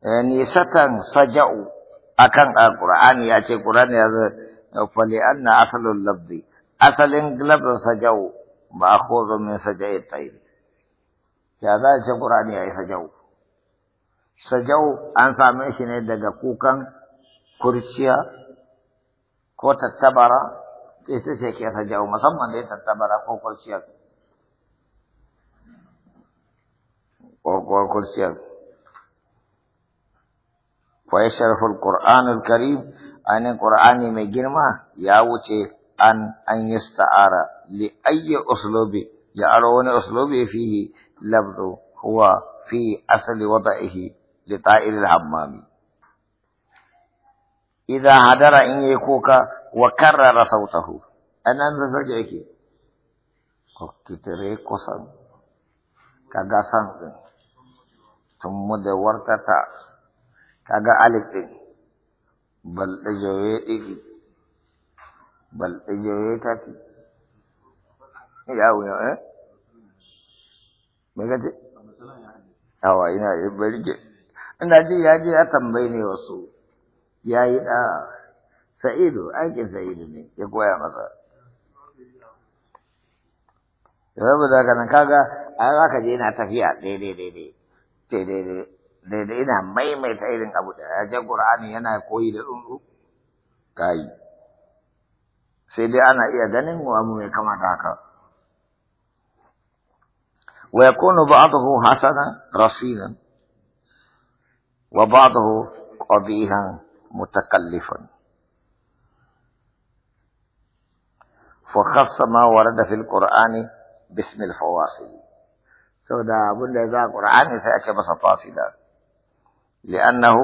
Eh, Ni satan saja'u akan alqur'ani ya ce qur'ani ya fali anna asalul labdi asalin labdin saja'u ba khuzu min saja'i tayyib ya za ce qur'ani ya yi saja'u saja'u an same shi ne daga kukan kurciya ko tattabara ita ce ke saja'u musamman dai tattabara ko kurciya ko kurciya ويشرف القرآن الكريم أن القرآن من جرمه أن أن يستعار لأي أسلوب يعرون أسلوب فيه لفظ هو في أصل وضعه لطائر الحمام إذا هدر إن يكوك وكرر صوته أنا نزجعك كتري قصن كغسان ثم دورتك kaga alif ɗin bal ɗajoye ɗiki bal ɗajoye tati ya wuya eh me kace awa ina bari barge ina ji ya je ya tambaye ne wasu ya yi ɗa sa'idu aikin sa'idu ne ya koya masa ya babu da kaga a za ka je na tafiya daidai daidai daidai daidai yana maimaita irin abu da ya jan Qur'ani yana koyi da tsuntsu kai sai dai ana iya ganin abu mai kamata haka wa yakunu ba'dahu hasana rasina wa ba'dahu qabihan mutakallifan fa khassa ma warada fil qur'ani bismil fawasil saboda abin da ya za qur'ani sai ake masa fasila لأنه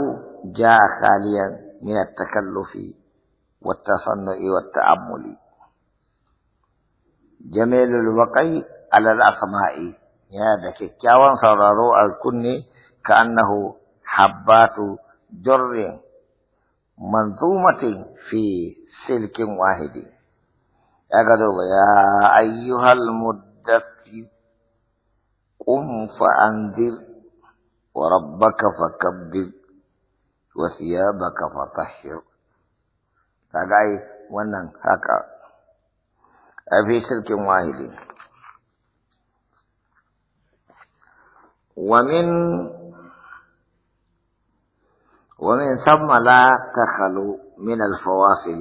جاء خاليا من التكلف والتصنع والتأمل جميل الوقي على الأسماء هذا كيكاوان صرروا الكن كأنه حبات جر منظومة في سلك واحد أقدوا يا أيها المدثر قم فأنذر وربك فكبر وثيابك فطهر kagai ونن هكا أفي سلك shirkin ومن ومن ثم لا تخلو من الفواصل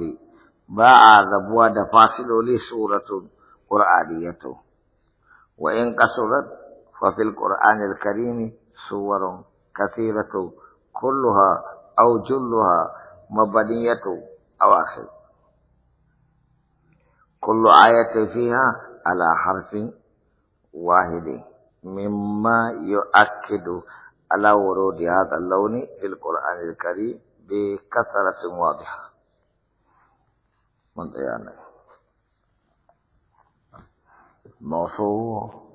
باع ذبوا دفاصل لسورة قرآنية وإن قصرت ففي القرآن الكريم صور كثيرة كلها أو جلها مبنية أواخر كل آية فيها على حرف واحد مما يؤكد على ورود هذا اللون في القرآن الكريم بكثرة واضحة من يعني موصوف